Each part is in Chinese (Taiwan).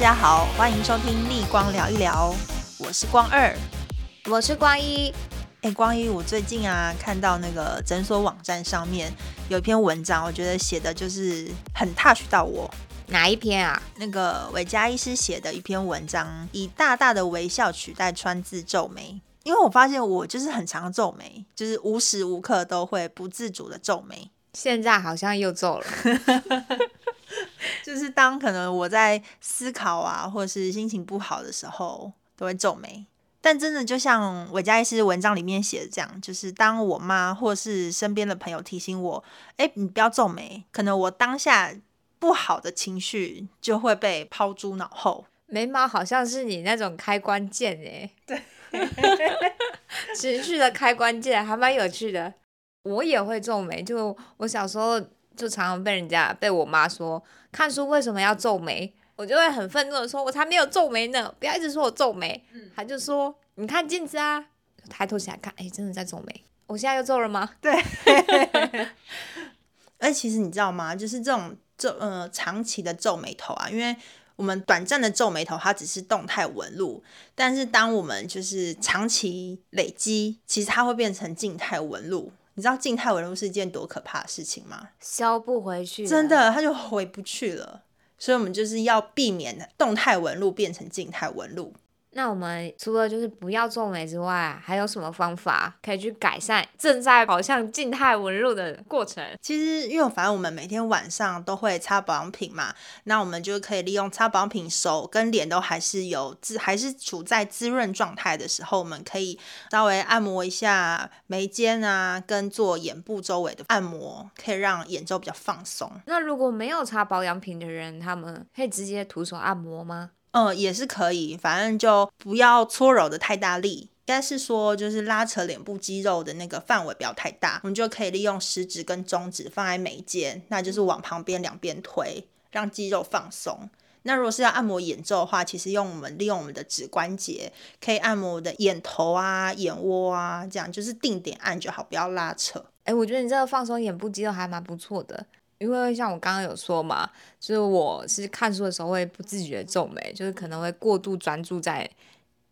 大家好，歡迎收聽《立光聊一聊》，我是光二，我是光一。哎、欸，光一，我最近啊，看到那個診所網站上面有一篇文章，我覺得寫的就是很 touch 到我。哪一篇啊？那個韋嘉醫師寫的一篇文章，以大大的微笑取代川字皺眉，因為我發現我就是很常皺眉，就是無時無刻都會不自主的皺眉。現在好像又皺了。 就是當可能我在思考啊，或是心情不好的時候，都會皺眉。但真的就像韋嘉醫師文章裡面寫的這樣，就是當我媽或是身邊的朋友提醒我，哎、欸，你不要皺眉，可能我當下不好的情緒就會被拋諸腦後。眉毛好像是你那種開關鍵。哎、欸，對， 持續的開關鍵還蠻有趣的。我也會皺眉，就我小時候。就常常被人家、被我媽說，看書為什麼要皺眉？我就會很憤怒的說，我才沒有皺眉呢！不要一直說我皺眉。嗯，她就說，你看鏡子啊，抬頭起來看，哎，真的在皺眉。我現在又皺了嗎？對。哎， 其實你知道嗎？就是這種皺嗯、呃，長期的皺眉頭啊，因為我們短暫的皺眉頭它只是動態紋路，但是當我們就是長期累積，其實它會變成靜態紋路。你知道靜態紋路是一件多可怕的事情嗎？消不回去了，真的，它就回不去了。所以，我們就是要避免動態紋路變成靜態紋路。那我們除了就是不要皺眉之外，還有什麼方法可以去改善正在好像靜態紋路的過程？其實因為我反正我們每天晚上都會擦保養品嘛，那我們就可以利用擦保養品手跟臉都還是有滋，還是處在滋潤狀態的時候，我們可以稍微按摩一下眉間啊，跟做眼部周圍的按摩，可以讓眼周比較放鬆。那如果沒有擦保養品的人，他們可以直接徒手按摩嗎？嗯，也是可以，反正就不要搓揉的太大力，應該是說就是拉扯臉部肌肉的那個範圍不要太大，我們就可以利用食指跟中指放在眉間，那就是往旁邊兩邊推，讓肌肉放鬆。那如果是要按摩眼周的話，其實用我們利用我們的指關節可以按摩我的眼頭啊、眼窩啊，這樣就是定點按就好，不要拉扯。哎、欸，我覺得你這個放鬆眼部肌肉還蠻不錯的。因為像我剛剛有說嘛，就是我是看書的時候會不自覺的皺眉，就是可能會過度專注在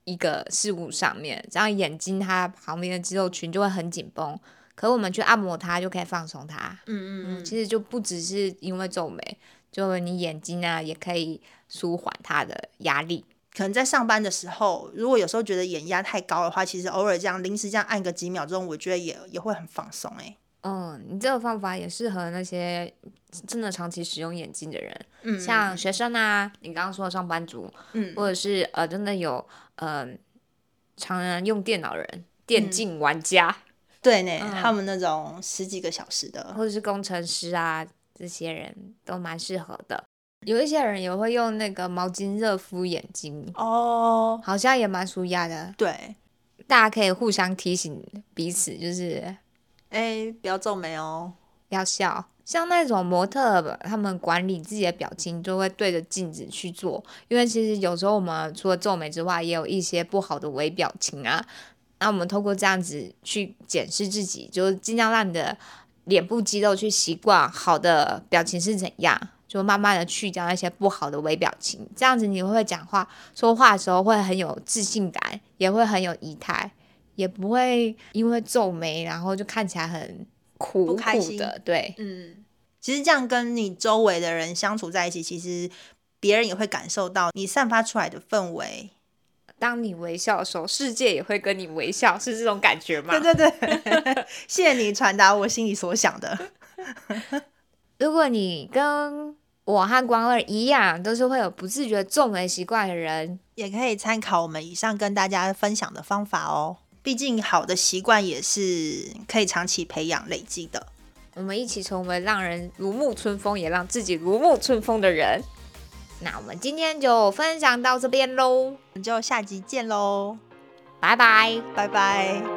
一個事物上面，這樣眼睛它旁邊的肌肉群就會很緊繃。可我們去按摩它，就可以放鬆它。嗯嗯嗯，嗯，其實就不只是因為皺眉，就你眼睛啊也可以舒緩它的壓力。可能在上班的時候，如果有時候覺得眼壓太高的話，其實偶爾這樣臨時這樣按個幾秒鐘，我覺得也也會很放鬆哎、欸。嗯、哦，你這個方法也適合那些真的長期使用眼鏡的人，嗯、像學生啊，你剛剛說的上班族，嗯、或者是呃，真的有呃，常人用電腦人、電競玩家，嗯嗯、對呢，他們那種十幾個小時的，嗯，或者是工程師啊，這些人都蠻適合的。有一些人也會用那個毛巾熱敷眼睛，哦，好像也蠻舒壓的。對，大家可以互相提醒彼此，就是。哎、欸，不要皺眉哦，不要笑。像那種模特吧，他們管理自己的表情，就會對着鏡子去做。因為其實有時候我們除了皺眉之外，也有一些不好的微表情啊。那我們透過這樣子去檢視自己，就儘量讓你的臉部肌肉去習慣好的表情是怎樣，就慢慢的去掉那些不好的微表情。這樣子你會講話、說話的時候會很有自信感，也會很有儀態。也不會因為皺眉，然後就看起來很苦苦的，不開心，對，嗯，其實這樣跟你周圍的人相處在一起，其實別人也會感受到你散發出來的氛圍。當你微笑的時候，世界也會跟你微笑，是這種感覺嗎？對對對， 謝謝你傳達我心裡所想的。 如果你跟我和光二一樣，都是會有不自覺皺眉習慣的人，也可以參考我們以上跟大家分享的方法哦。畢竟，好的習慣也是可以長期培養累積的。我們一起成為讓人如沐春風，也讓自己如沐春風的人。那我們今天就分享到這邊嘍，我們就下集見嘍，拜拜 bye，拜拜。